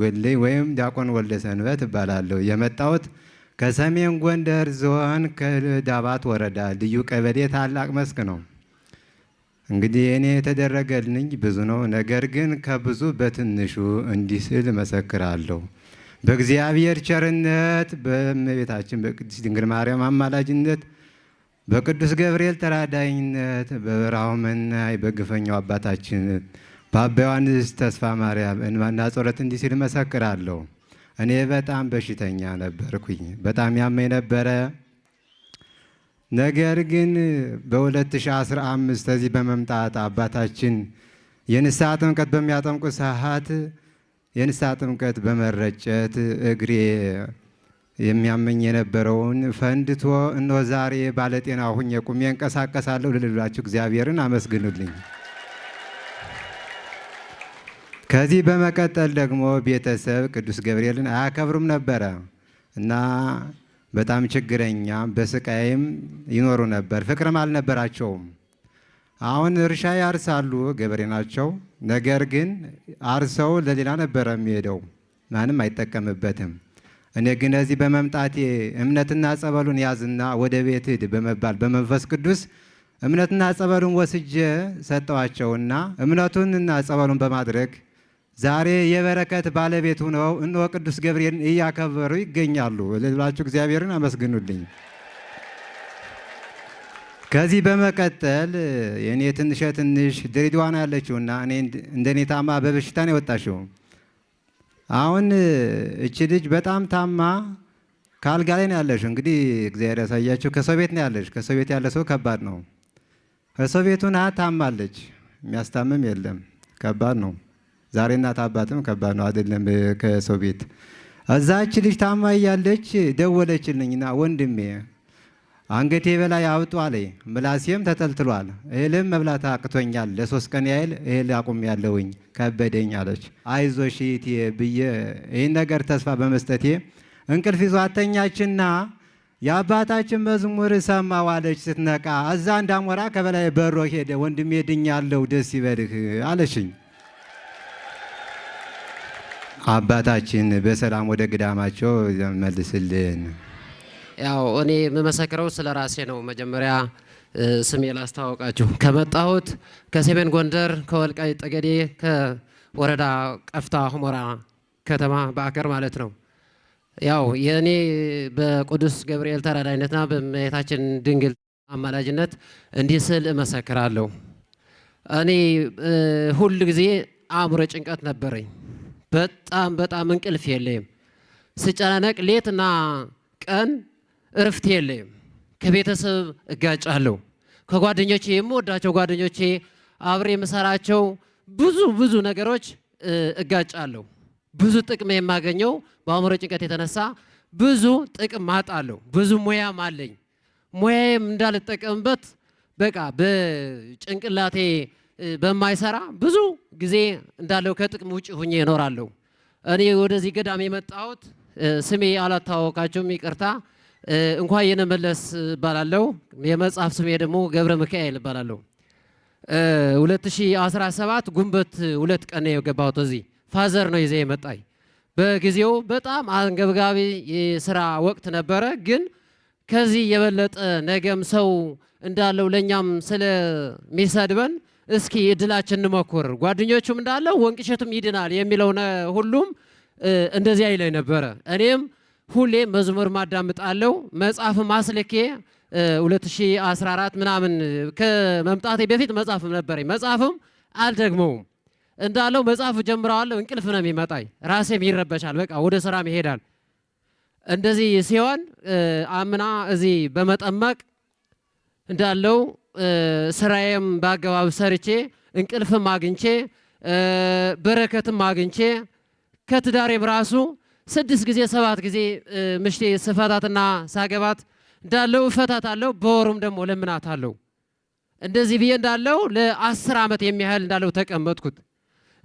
ጎሌ ወይም ዲያቆን ወልደ ሰንበት እባላለሁ። የመጣሁት ከሰሜን ጎንደር ዞን ከዳባት ወረዳ ልዩ ቀበሌ ታላቅ መስክ ነው። እንግዲህ እኔ የተደረገልኝ ብዙ ነው። ነገር ግን ከብዙ በትንሹ እንዲህ ስል መሰክራለሁ። በእግዚአብሔር ቸርነት፣ በእመቤታችን በቅድስት ድንግል ማርያም አማላጅነት፣ በቅዱስ ገብርኤል ተራዳኝነት፣ በበረሃው መናይ፣ በግፈኛው አባታችን በአባ ዮሐንስ ተስፋ ማርያም እንባና ጸሎት እንዲህ ሲል መሰክራለሁ። እኔ በጣም በሽተኛ ነበርኩኝ፣ በጣም ያመኝ ነበረ። ነገር ግን በ2015 ከዚህ በመምጣት አባታችን የንስሐ ጥምቀት በሚያጠምቁ ሰዓት የንስሐ ጥምቀት በመረጨት እግሬ የሚያመኝ የነበረውን ፈንድቶ እኖ ዛሬ ባለጤና ሁኜ ቁሜ እንቀሳቀሳለሁ። ልልላችሁ እግዚአብሔርን አመስግኑልኝ። ከዚህ በመቀጠል ደግሞ ቤተሰብ ቅዱስ ገብርኤልን አያከብሩም ነበረ እና በጣም ችግረኛ በስቃይም ይኖሩ ነበር። ፍቅርም አልነበራቸውም። አሁን እርሻ ያርሳሉ፣ ገበሬ ናቸው። ነገር ግን አርሰው ለሌላ ነበረ የሚሄደው፣ ማንም አይጠቀምበትም። እኔ ግን እዚህ በመምጣቴ እምነትና ጸበሉን ያዝና ወደ ቤት ሂድ በመባል በመንፈስ ቅዱስ እምነትና ጸበሉን ወስጄ ሰጠዋቸውና እምነቱንና ጸበሉን በማድረግ ዛሬ የበረከት ባለቤት ሆነው እነሆ ቅዱስ ገብርኤልን እያከበሩ ይገኛሉ። ልላችሁ እግዚአብሔርን አመስግኑልኝ። ከዚህ በመቀጠል የእኔ ትንሸ ትንሽ ድሬዳዋን ያለችውና እኔ እንደኔ ታማ በበሽታ ነው የወጣሽው። አሁን እቺ ልጅ በጣም ታማ ከአልጋ ላይ ነው ያለሽ። እንግዲህ እግዚአብሔር ያሳያቸው ከሰው ቤት ነው ያለች። ከሰው ቤት ያለ ሰው ከባድ ነው። ከሰው ቤቱን ታማለች። የሚያስታምም የለም። ከባድ ነው። ዛሬ እናት አባትም ከባድ ነው አይደለም ከሰው ቤት። እዛች ልጅ ታማ እያለች ደወለችልኝና ወንድሜ አንገቴ በላይ አውጡ አለኝ። ምላሴም ተጠልትሏል። እህልም መብላት አቅቶኛል። ለሶስት ቀን ያህል እህል አቁም ያለውኝ ከበደኝ አለች። አይዞሽ እህቴ ብዬ ይህን ነገር ተስፋ በመስጠቴ እንቅልፍ ይዞ አተኛችና የአባታችን መዝሙር ሰማሁ አለች። ስትነቃ እዛ እንዳሞራ ከበላይ በሮ ሄደ። ወንድሜ ድኛለሁ፣ ደስ ይበልህ አለችኝ። አባታችን በሰላም ወደ ግዳማቸው መልስልን። ያው እኔ የምመሰክረው ስለ ራሴ ነው። መጀመሪያ ስሜ ላስተዋወቃችሁ። ከመጣሁት ከሰሜን ጎንደር ከወልቃይ ጠገዴ ከወረዳ ቀፍታ ሁመራ ከተማ በአገር ማለት ነው። ያው የእኔ በቅዱስ ገብርኤል ተራዳይነትና በእመቤታችን ድንግል አማላጅነት እንዲህ ስል እመሰክራለሁ። እኔ ሁል ጊዜ አእምሮ ጭንቀት ነበረኝ። በጣም በጣም እንቅልፍ የለይም። ስጨነቅ ሌትና ቀን እርፍት የለይም። ከቤተሰብ እጋጫለሁ። ከጓደኞቼ የምወዳቸው ጓደኞቼ አብሬ የምሰራቸው ብዙ ብዙ ነገሮች እጋጫለሁ። ብዙ ጥቅም የማገኘው በአእምሮ ጭንቀት የተነሳ ብዙ ጥቅም ማጣለሁ። ብዙ ሙያም አለኝ። ሙያዬም እንዳልጠቀምበት በቃ በጭንቅላቴ በማይሰራ ብዙ ጊዜ እንዳለው ከጥቅም ውጭ ሁኜ እኖራለሁ። እኔ ወደዚህ ገዳም የመጣሁት ስሜ አላታወቃችሁም፣ ይቅርታ። እንኳን የነመለስ እባላለሁ። የመጽሐፍ ስሜ ደግሞ ገብረ ሚካኤል እባላለሁ። 2017 ጉንበት ሁለት ቀን ነው የገባሁት። እዚህ ፋዘር ነው ይዜ የመጣኝ። በጊዜው በጣም አንገብጋቢ የስራ ወቅት ነበረ። ግን ከዚህ የበለጠ ነገም ሰው እንዳለው ለእኛም ስለሚሰድበን እስኪ እድላችን እንሞክር፣ ጓደኞቹም እንዳለ ወንቅሸቱም ይድናል የሚለው ሁሉም እንደዚያ ይለኝ ነበረ። እኔም ሁሌ መዝሙር ማዳምጣለው መጽሐፍ ማስልኬ 2014 ምናምን ከመምጣቴ በፊት መጽሐፍ ነበረኝ። መጽሐፍም አልደግመውም እንዳለው መጽሐፍ ጀምረዋለሁ፣ እንቅልፍ ነው የሚመጣኝ፣ ራሴም ይረበሻል፣ በቃ ወደ ስራም ይሄዳል። እንደዚህ ሲሆን አምና እዚህ በመጠመቅ እንዳለው ስራዬም በአገባብ ሰርቼ እንቅልፍም አግኝቼ በረከትም አግኝቼ ከትዳሬም ራሱ ስድስት ጊዜ ሰባት ጊዜ ምሽቴ ስፈታትና ሳገባት እንዳለው እፈታታለሁ። በወሩም ደግሞ ለምናታለሁ። እንደዚህ ብዬ እንዳለው ለአስር ዓመት የሚያህል እንዳለው ተቀመጥኩት።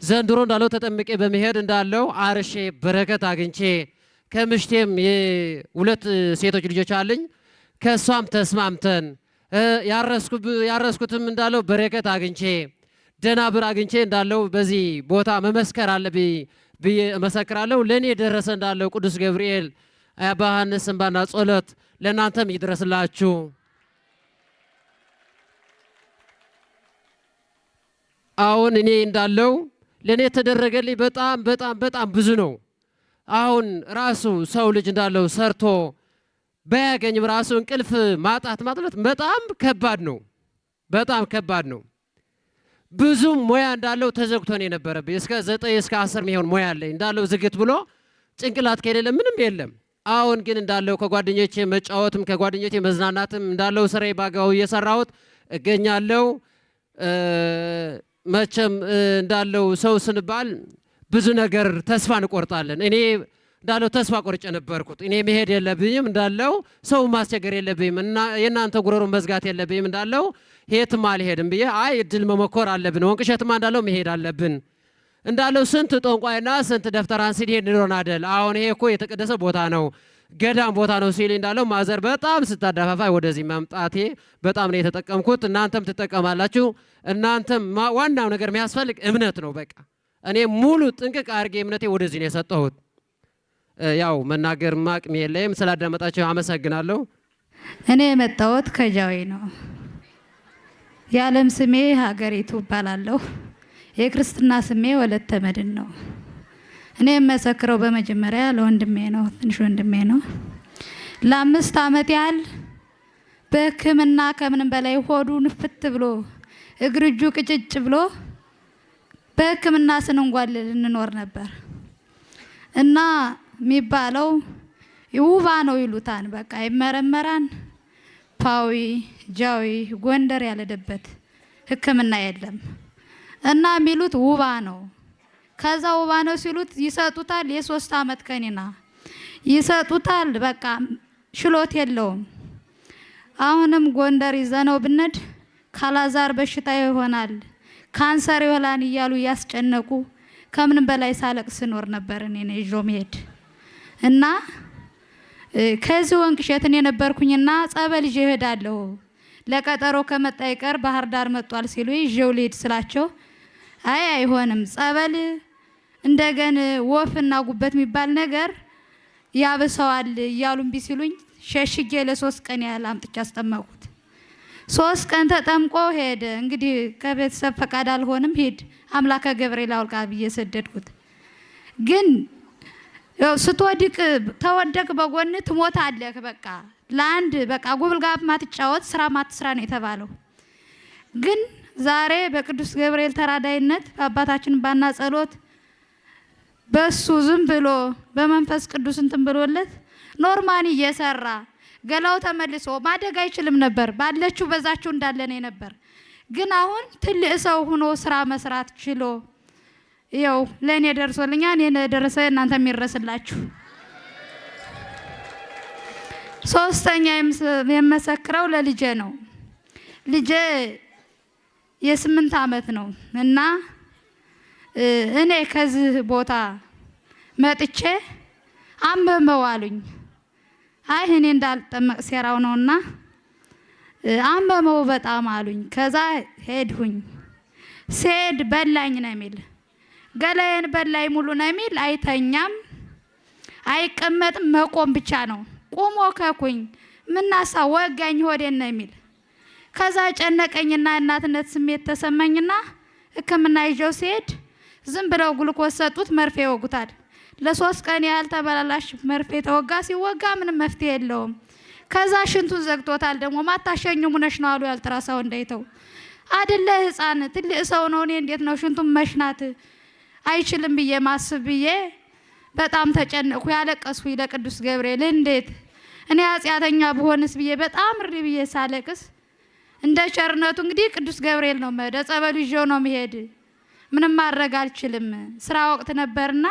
ዘንድሮ እንዳለው ተጠምቄ በመሄድ እንዳለው አርሼ በረከት አግኝቼ ከምሽቴም ሁለት ሴቶች ልጆች አለኝ ከእሷም ተስማምተን ያረስኩትም እንዳለው በረከት አግኝቼ ደናብር አግኝቼ እንዳለው በዚህ ቦታ መመስከር አለ ብዬ እመሰክራለሁ። ለእኔ የደረሰ እንዳለው ቅዱስ ገብርኤል አባ ዮሐንስ እንባና ጸሎት ለእናንተም ይድረስላችሁ። አሁን እኔ እንዳለው ለእኔ የተደረገልኝ በጣም በጣም በጣም ብዙ ነው። አሁን ራሱ ሰው ልጅ እንዳለው ሰርቶ ባያገኝም ራሱ እንቅልፍ ማጣት ማጥለት በጣም ከባድ ነው። በጣም ከባድ ነው። ብዙ ሙያ እንዳለው ተዘግቶ ነው የነበረብኝ። እስከ ዘጠኝ እስከ አስር የሚሆን ሙያ አለኝ እንዳለው ዝግት ብሎ ጭንቅላት ከሌለ ምንም የለም። አሁን ግን እንዳለው ከጓደኞቼ መጫወትም ከጓደኞቼ መዝናናትም እንዳለው ስራዬ ባጋው እየሰራሁት እገኛለው። መቼም እንዳለው ሰው ስንባል ብዙ ነገር ተስፋ እንቆርጣለን። እኔ እንዳለው ተስፋ ቆርጬ ነበርኩት። እኔ መሄድ የለብኝም እንዳለው፣ ሰው ማስቸገር የለብኝም እና የእናንተ ጉረሩን መዝጋት የለብኝም እንዳለው፣ የትም አልሄድም ብዬ አይ እድል መሞከር አለብን፣ ወንቅሸትማ እንዳለው መሄድ አለብን እንዳለው ስንት ጠንቋይና ስንት ሲል ሄድ ኖረን አደል አሁን ይሄ እኮ የተቀደሰ ቦታ ነው፣ ገዳም ቦታ ነው ሲል እንዳለው ማዘር በጣም ስታዳፋፋይ ወደዚህ መምጣቴ በጣም ነው የተጠቀምኩት። እናንተም ትጠቀማላችሁ። እናንተም ዋናው ነገር የሚያስፈልግ እምነት ነው። በቃ እኔ ሙሉ ጥንቅቅ አድርጌ እምነቴ ወደዚህ ነው የሰጠሁት። ያው መናገር ማቅም የለም። ስላዳመጣቸው አመሰግናለሁ። እኔ የመጣሁት ከጃዊ ነው። የዓለም ስሜ ሀገሪቱ እባላለሁ። የክርስትና ስሜ ወለተ መድን ነው። እኔ የመሰክረው በመጀመሪያ ለወንድሜ ነው፣ ትንሽ ወንድሜ ነው። ለአምስት ዓመት ያህል በሕክምና ከምንም በላይ ሆዱ ንፍት ብሎ እግር እጁ ቅጭጭ ብሎ በሕክምና ስንንጓልል እንኖር ነበር እና የሚባለው ውባ ነው ይሉታን። በቃ ይመረመራን። ፓዊ ጃዊ ጎንደር ያለደበት ህክምና የለም እና የሚሉት ውባ ነው። ከዛ ውባ ነው ሲሉት ይሰጡታል። የሶስት አመት ከኒና ይሰጡታል። በቃ ሽሎት የለውም። አሁንም ጎንደር ይዘነው ብነድ ካላዛር በሽታ ይሆናል፣ ካንሰር ይሆናል እያሉ እያስጨነቁ ከምንም በላይ ሳለቅ ስኖር ነበር እኔ ይዞ መሄድ እና ከዚህ ወንቅሸትን የነበርኩኝና ጸበል ይዤ እሄዳለሁ ለቀጠሮ ከመጣ ይቀር ባህር ዳር መጧል ሲሉ ይዤው ልሂድ ስላቸው አይ አይሆንም፣ ጸበል እንደገን ወፍና ጉበት የሚባል ነገር ያብሰዋል እያሉ እምቢ ሲሉኝ ሸሽጌ ለሶስት ቀን ያህል አምጥቼ አስጠመቁት። ሶስት ቀን ተጠምቆ ሄደ። እንግዲህ ከቤተሰብ ፈቃድ አልሆንም ሂድ አምላከ ገብርኤል አውልቃ ብዬ ሰደድኩት ግን ስትወድቅ ተወደቅ በጎን ትሞታለህ። በቃ ለአንድ በቃ ጉብል ጋር ማትጫወት ስራ ማትስራ ነው የተባለው። ግን ዛሬ በቅዱስ ገብርኤል ተራዳይነት በአባታችን ባና ጸሎት በሱ ዝም ብሎ በመንፈስ ቅዱስ እንትን ብሎለት ኖርማን እየሰራ ገላው ተመልሶ ማደግ አይችልም ነበር። ባለችው በዛችው እንዳለ ነበር። ግን አሁን ትልቅ ሰው ሆኖ ስራ መስራት ችሎ ያው ለእኔ ደርሶልኛ እኔን ደረሰ እናንተ የሚረስላችሁ። ሶስተኛ የመሰክረው ለልጄ ነው። ልጄ የስምንት ዓመት ነው እና እኔ ከዚህ ቦታ መጥቼ አመመው አሉኝ። አይ እኔ እንዳልጠመቅ ሴራው ነውና አመመው በጣም አሉኝ። ከዛ ሄድሁኝ። ስሄድ በላኝ ነው የሚል ገላዬን በላይ ሙሉ ነው የሚል አይተኛም፣ አይቀመጥም፣ መቆም ብቻ ነው። ቁሞ ከኩኝ ምናሳ ወጋኝ ሆዴን ነው የሚል ከዛ ጨነቀኝና እናትነት ስሜት ተሰማኝና ሕክምና ይዤው ሲሄድ ዝም ብለው ግሉኮስ ሰጡት፣ መርፌ ይወጉታል። ለሶስት ቀን ያህል ተበላላሽ መርፌ ተወጋ። ሲወጋ ምንም መፍትሄ የለውም። ከዛ ሽንቱን ዘግቶታል። ደግሞ ማታሸኙ ሙነሽ ነው አሉ ያልጥራ ሰው እንደይተው ህፃን ትልቅ ሰው ነው። እኔ እንዴት ነው ሽንቱን መሽናት አይችልም ብዬ ማስብ ብዬ በጣም ተጨነቅኩ። ያለቀስኩ ለቅዱስ ገብርኤል እንዴት እኔ አጽያተኛ ብሆንስ ብዬ በጣም ሪ ብዬ ሳለቅስ እንደ ቸርነቱ እንግዲህ ቅዱስ ገብርኤል ነው መሄድ፣ ጸበሉ ይዤው ነው መሄድ። ምንም ማድረግ አልችልም። ስራ ወቅት ነበርና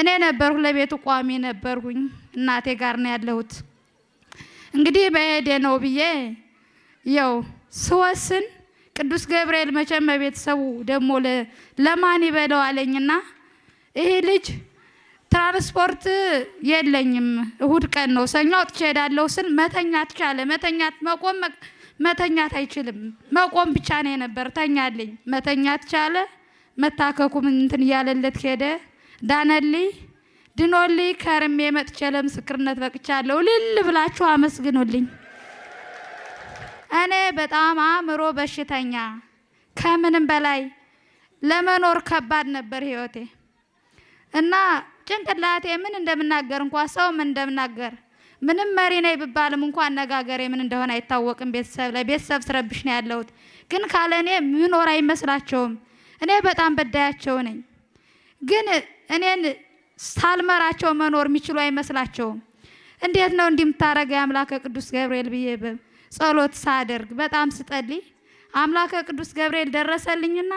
እኔ ነበርሁ ለቤቱ ቋሚ ነበርሁኝ። እናቴ ጋር ነው ያለሁት። እንግዲህ በሄዴ ነው ብዬ ያው ስወስን ቅዱስ ገብርኤል መቼም በቤተሰቡ ደግሞ ለማን ይበለው አለኝና ይሄ ልጅ ትራንስፖርት የለኝም እሁድ ቀን ነው ሰኞ አውጥቼ እሄዳለሁ ስል መተኛት ቻለ። መተኛት መቆም መተኛት አይችልም። መቆም ብቻ ነው የነበር ተኛልኝ። መተኛት ቻለ። መታከኩም እንትን እያለለት ሄደ። ዳነልኝ፣ ድኖልኝ ከርሜ መጥቼ ለምስክርነት በቅቻለሁ። ልል ብላችሁ አመስግኑልኝ። እኔ በጣም አእምሮ በሽተኛ ከምንም በላይ ለመኖር ከባድ ነበር ህይወቴ እና ጭንቅላቴ ምን እንደምናገር እንኳ ሰው ምን እንደምናገር ምንም መሪ ነኝ ብባልም እንኳ አነጋገሬ ምን እንደሆነ አይታወቅም። ቤተሰብ ላይ ቤተሰብ ስረብሽ ነው ያለሁት፣ ግን ካለ እኔ ምኖር አይመስላቸውም። እኔ በጣም በዳያቸው ነኝ፣ ግን እኔን ሳልመራቸው መኖር የሚችሉ አይመስላቸውም። እንዴት ነው እንዲህ የምታደርገው የአምላከ ቅዱስ ገብርኤል ብዬ ጸሎት ሳደርግ በጣም ስጸልይ አምላከ ቅዱስ ገብርኤል ደረሰልኝና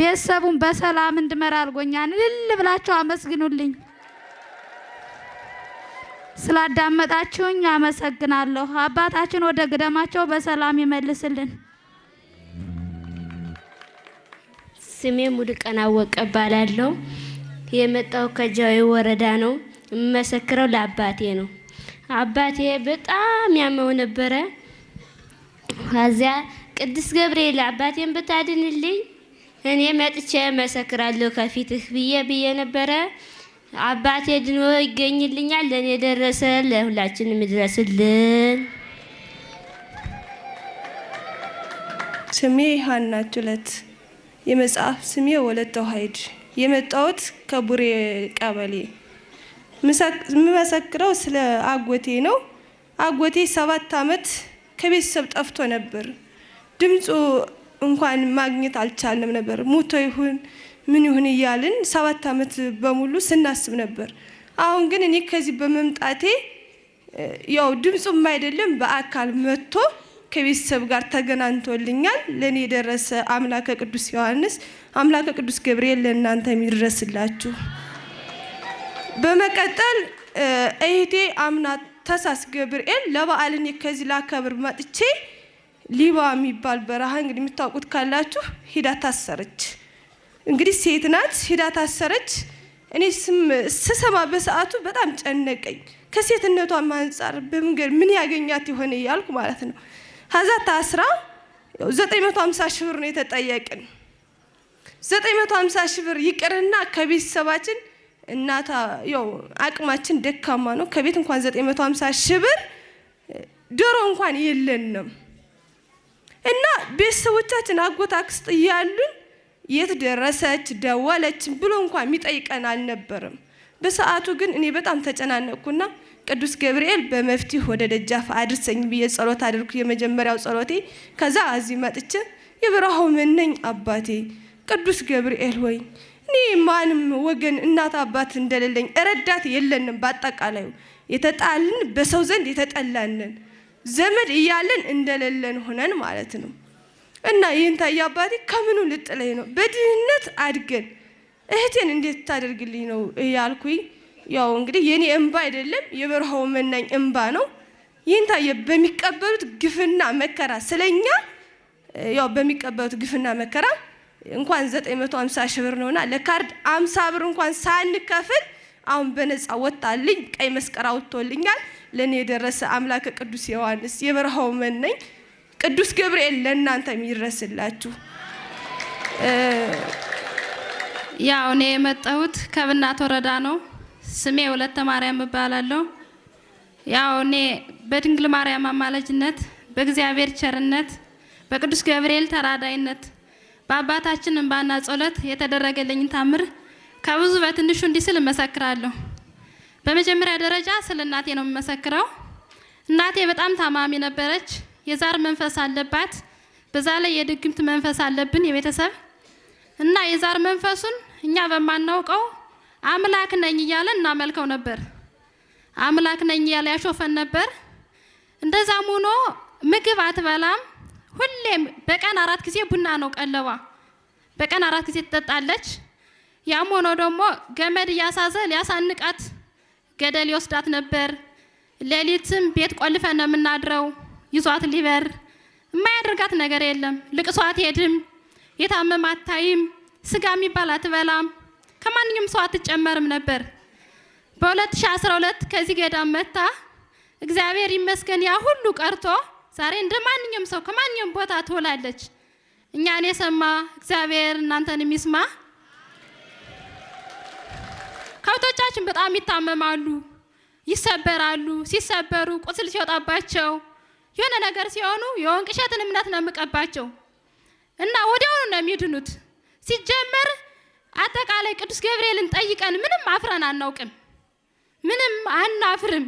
ቤተሰቡን በሰላም እንድመራ አልጎኛል። እልል ብላችሁ አመስግኑልኝ። ስላዳመጣችሁኝ አመሰግናለሁ። አባታችን ወደ ግደማቸው በሰላም ይመልስልን። ስሜ ሙሉቀን አወቀ እባላለሁ። የመጣው ከጃዊ ወረዳ ነው። የምመሰክረው ለአባቴ ነው። አባቴ በጣም ያመው ነበረ። ከዚያ ቅዱስ ገብርኤል አባቴን ብታድንልኝ እኔ መጥቼ መሰክራለሁ ከፊትህ ብዬ ብዬ ነበረ። አባቴ ድኖ ይገኝልኛል። ለእኔ ደረሰ። ለሁላችንም ይድረስልን። ስሜ ሀና ቱለት፣ የመጽሐፍ ስሜ ወለተ ሀይድ። የመጣሁት ከቡሬ ቀበሌ። የምመሰክረው ስለ አጎቴ ነው። አጎቴ ሰባት አመት ከቤተሰብ ጠፍቶ ነበር። ድምፁ እንኳን ማግኘት አልቻለም ነበር። ሙቶ ይሁን ምን ይሁን እያልን ሰባት ዓመት በሙሉ ስናስብ ነበር። አሁን ግን እኔ ከዚህ በመምጣቴ ያው ድምፁም አይደለም በአካል መጥቶ ከቤተሰብ ጋር ተገናኝቶልኛል። ለእኔ የደረሰ አምላከ ቅዱስ ዮሐንስ፣ አምላከ ቅዱስ ገብርኤል ለእናንተ የሚድረስላችሁ። በመቀጠል እህቴ አምናት ተሳስ ገብርኤል ለበዓል እኔ ከዚህ ላከብር መጥቼ ሊባ የሚባል በረሃ እንግዲህ የምታውቁት ካላችሁ ሂዳ ታሰረች። እንግዲህ ሴት ናት፣ ሂዳ ታሰረች። እኔ ስሰማ በሰዓቱ በጣም ጨነቀኝ። ከሴትነቷም አንጻር በመንገድ ምን ያገኛት የሆነ እያልኩ ማለት ነው። ሀዛ ታስራ 950 ሺህ ብር ነው የተጠየቅን። 950 ሺህ ብር ይቅርና ከቤተሰባችን እናታ ያው አቅማችን ደካማ ነው። ከቤት እንኳን 950 ሺህ ብር ዶሮ እንኳን የለንም እና ቤተሰቦቻችን አጎት፣ አክስት እያሉን የት ደረሰች ደወለች ብሎ እንኳን የሚጠይቀን አልነበርም። በሰዓቱ ግን እኔ በጣም ተጨናነቅኩና ቅዱስ ገብርኤል በመፍትሄ ወደ ደጃፍ አድርሰኝ ብዬ ጸሎት አድርኩ። የመጀመሪያው ጸሎቴ። ከዛ እዚህ መጥቼ የበረሃው መነኝ አባቴ ቅዱስ ገብርኤል ሆይ እኔ ማንም ወገን እናት አባት እንደሌለኝ ረዳት የለንም። በአጠቃላዩ የተጣልን በሰው ዘንድ የተጠላንን ዘመድ እያለን እንደሌለን ሆነን ማለት ነው። እና ይህን ታየ አባቴ ከምኑ ልጥለኝ ነው? በድህነት አድገን እህቴን እንዴት ታደርግልኝ ነው እያልኩኝ ያው እንግዲህ የኔ እንባ አይደለም የበረሃው መናኝ እንባ ነው። ይህን ታየ በሚቀበሉት ግፍና መከራ ስለኛ ያው በሚቀበሉት ግፍና መከራ እንኳን 950 ሺህ ብር ነውና ለካርድ 50 ብር እንኳን ሳንከፍል አሁን በነፃ ወጣልኝ። ቀይ መስቀል አውጥቶልኛል። ለእኔ የደረሰ አምላከ ቅዱስ ዮሐንስ የበረሃው መነኝ ቅዱስ ገብርኤል ለእናንተ የሚደረስላችሁ ያው እኔ የመጣሁት ከብናት ወረዳ ነው። ስሜ ወለተ ማርያም እባላለሁ። ያው እኔ በድንግል ማርያም አማላጅነት በእግዚአብሔር ቸርነት በቅዱስ ገብርኤል ተራዳይነት በአባታችን እንባና ጸሎት የተደረገልኝ ታምር ከብዙ በትንሹ እንዲህ ስል እመሰክራለሁ። በመጀመሪያ ደረጃ ስለ እናቴ ነው የምመሰክረው። እናቴ በጣም ታማሚ ነበረች። የዛር መንፈስ አለባት። በዛ ላይ የድግምት መንፈስ አለብን የቤተሰብ እና የዛር መንፈሱን እኛ በማናውቀው አምላክ ነኝ እያለ እናመልከው ነበር። አምላክ ነኝ እያለ ያሾፈን ነበር። እንደዛም ሆኖ ምግብ አትበላም ሁሌም በቀን አራት ጊዜ ቡና ነው ቀለቧ። በቀን አራት ጊዜ ትጠጣለች። ያም ሆኖ ደግሞ ገመድ እያሳዘ ሊያሳንቃት ገደል ይወስዳት ነበር። ሌሊትም ቤት ቆልፈን ነው የምናድረው። ይዟት ሊበር የማያደርጋት ነገር የለም። ልቅሶ አትሄድም፣ የታመም አታይም፣ ስጋ የሚባል አትበላም፣ ከማንኛውም ሰው አትጨመርም ነበር። በ2012 ከዚህ ገዳም መታ። እግዚአብሔር ይመስገን ያ ሁሉ ቀርቶ ዛሬ እንደ ማንኛውም ሰው ከማንኛውም ቦታ ትውላለች። እኛን የሰማ እግዚአብሔር እናንተን የሚስማ። ከብቶቻችን በጣም ይታመማሉ፣ ይሰበራሉ። ሲሰበሩ ቁስል ሲወጣባቸው የሆነ ነገር ሲሆኑ የወንቅ እሸትን እምነት ነው የምቀባቸው እና ወዲያውኑ ነው የሚድኑት። ሲጀመር አጠቃላይ ቅዱስ ገብርኤልን ጠይቀን ምንም አፍረን አናውቅም። ምንም አናፍርም።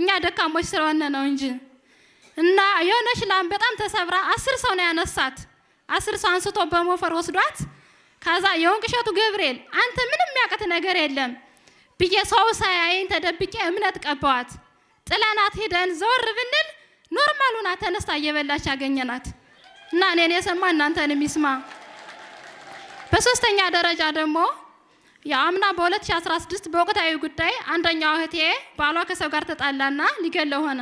እኛ ደካሞች ስለሆነ ነው እንጂ እና የሆነች ላም በጣም ተሰብራ አስር ሰው ነው ያነሳት። አስር ሰው አንስቶ በሞፈር ወስዷት ከዛ የወንቅ እሸቱ ገብርኤል አንተ ምንም የሚያውቅት ነገር የለም ብዬ ሰው ሳያይን ተደብቄ እምነት ቀባዋት። ጥለናት ሄደን ዘወር ብንል ኖርማል ተነስታ እየበላች ያገኘናት እና እኔን የሰማ እናንተን የሚስማ። በሶስተኛ ደረጃ ደግሞ የአምና በ2016 በወቅታዊ ጉዳይ አንደኛው እህቴ ባሏ ከሰው ጋር ተጣላና ሊገለው ሆነ።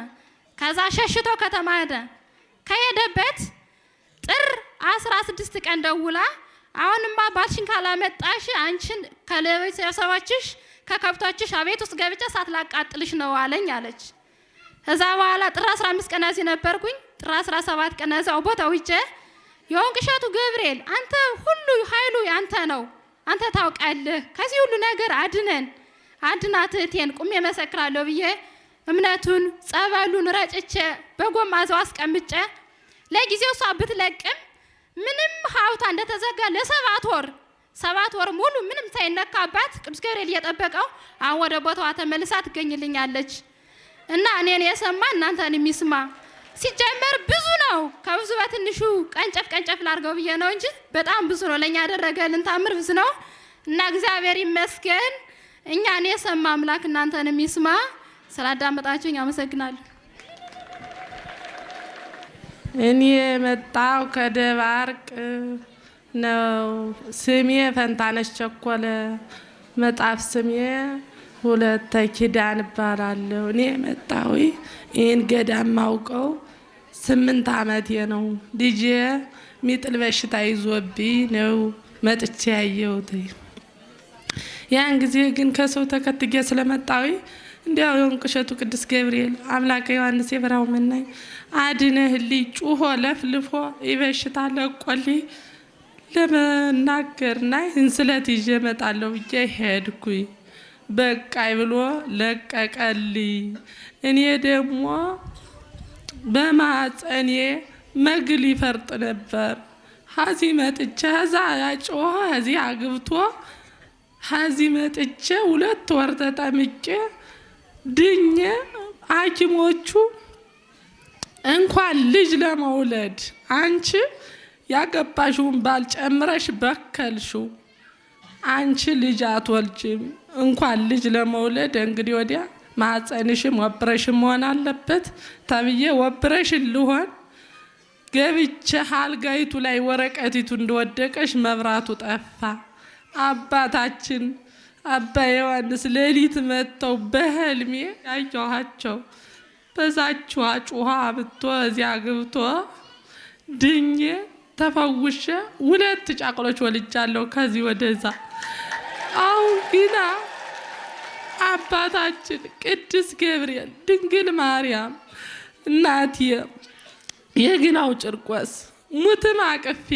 ከዛ ሸሽቶ ከተማ ሄደ። ከሄደበት ጥር አስራ ስድስት ቀን ደውላ አሁንማ ባልሽን ካላመጣሽ አንቺን ከቤተሰቦችሽ ከከብቶችሽ አቤት ውስጥ ገብቼ ላቃጥልሽ ነው አለኝ አለች። ከዛ በኋላ ጥር አምስት ቀን እዚህ ነበርኩኝ። ጥር ሰባት ቀን እዛው ቦታው ሂጄ የወንቅ እሸቱ ገብርኤል አንተ ሁሉ ኃይሉ አንተ ነው፣ አንተ ታውቃለህ፣ ከዚህ ሁሉ ነገር አድነን፣ አድናት እህቴን ቁሜ መሰክራለሁ ብዬ እምነቱን ጸበሉን ረጭቼ በጎማዛው አስቀምጬ ለጊዜው እሷ ብትለቅም ምንም ሀብቷ እንደተዘጋ ለሰባት ወር ሰባት ወር ሙሉ ምንም ሳይነካባት ቅዱስ ገብርኤል እየጠበቀው አሁን ወደ ቦታዋ ተመልሳ ትገኝልኛለች እና እኔን የሰማ እናንተን የሚስማ ሲጀመር ብዙ ነው። ከብዙ በትንሹ ቀንጨፍ ቀንጨፍ ላርገው ብዬ ነው እንጂ በጣም ብዙ ነው። ለእኛ ያደረገልን ታምር ብዙ ነው እና እግዚአብሔር ይመስገን። እኛን የሰማ አምላክ እናንተን የሚስማ ስላዳመጣችሁኝ አመሰግናለሁ። እኔ የመጣው ከደባርቅ ነው። ስሜ ፈንታነች ቸኮለ መጣፍ ስሜ ሁለተ ኪዳን እባላለሁ። እኔ የመጣው ይህን ገዳም ማውቀው ስምንት አመቴ ነው። ልጄ ሚጥል በሽታ ይዞብኝ ነው መጥቼ ያየሁት። ያን ጊዜ ግን ከሰው ተከትጌ ስለመጣዊ እንዲያውም ቅሸቱ ቅዱስ ገብርኤል አምላከ ዮሐንስ የበራው መናኝ አድነህልኝ ጩሆ ለፍልፎ ይበሽታ ለቆሊ ለመናገር ናይ እንስለት ይዤ እመጣለሁ ብዬ ሄድኩኝ። በቃይ ብሎ ለቀቀልኝ። እኔ ደግሞ በማፀኔ መግል ይፈርጥ ነበር። ሀዚ መጥቼ ዛ ያጮኸ ሀዚህ አግብቶ ሀዚ መጥቼ ሁለት ወር ተጠምቄ ድኘ ሐኪሞቹ እንኳን ልጅ ለመውለድ አንቺ ያገባሽውን ባል ጨምረሽ በከልሹ አንቺ ልጅ አትወልጅም። እንኳን ልጅ ለመውለድ እንግዲህ ወዲያ ማፀንሽም ወብረሽም መሆን አለበት ተብዬ ወብረሽ ልሆን ገብቼ አልጋይቱ ላይ ወረቀቲቱ እንደወደቀሽ መብራቱ ጠፋ። አባታችን አባ ዮሐንስ ሌሊት መጥተው በህልሜ ያየኋቸው በዛችው ጩኋ ብቶ እዚያ ግብቶ ድኜ ተፈውሸ ሁለት ጫቅሎች ወልጃለሁ ከዚህ ወደዛ። አሁን ግና አባታችን ቅዱስ ገብርኤል ድንግል ማርያም እናቴ የግናው ጭርቆስ ሙትም አቅፌ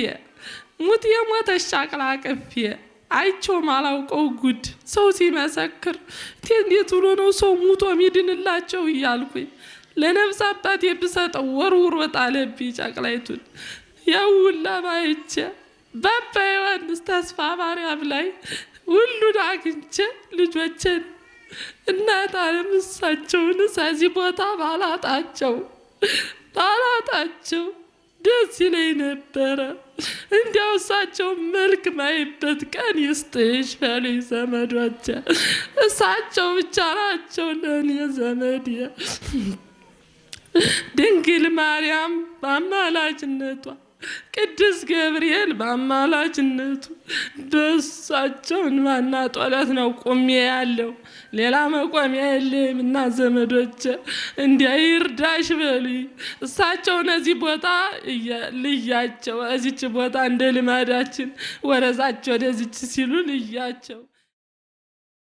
ሙት የሞተሽ ጫቅላ አቅፌ አይቸው አላውቀው ጉድ ሰው ሲመሰክር እንዴት ብሎ ነው ሰው ሙቶ ሚድንላቸው እያልኩኝ ለነፍስ አባት የብሰጠው ወርውር ወጣለብ ጨቅላይቱን ያውላ ማይቼ በአባ ዮሐንስ ተስፋ ማርያም ላይ ሁሉን አግኝቼ ልጆችን እናት አለምሳቸውን እዚህ ቦታ ባላጣቸው ባላጣቸው ደስ ይለኝ ነበረ። እንዲያው እሳቸው መልክ ማይበት ቀን ይስጥሽ በሉኝ ዘመዶቼ። እሳቸው ብቻ ናቸው ለእኔ ዘመዴ። ድንግል ማርያም በአማላጅነቷ ቅዱስ ገብርኤል በአማላጅነቱ በእሳቸው ማና ጦለት ነው ቁሚ ያለው። ሌላ መቆሚያ የለም እና ዘመዶች እንዲያ ይርዳሽ እሳቸው እሳቸውን እዚህ ቦታ ልያቸው፣ እዚች ቦታ እንደ ልማዳችን ወረዛቸው ወደዚች ሲሉ ልያቸው።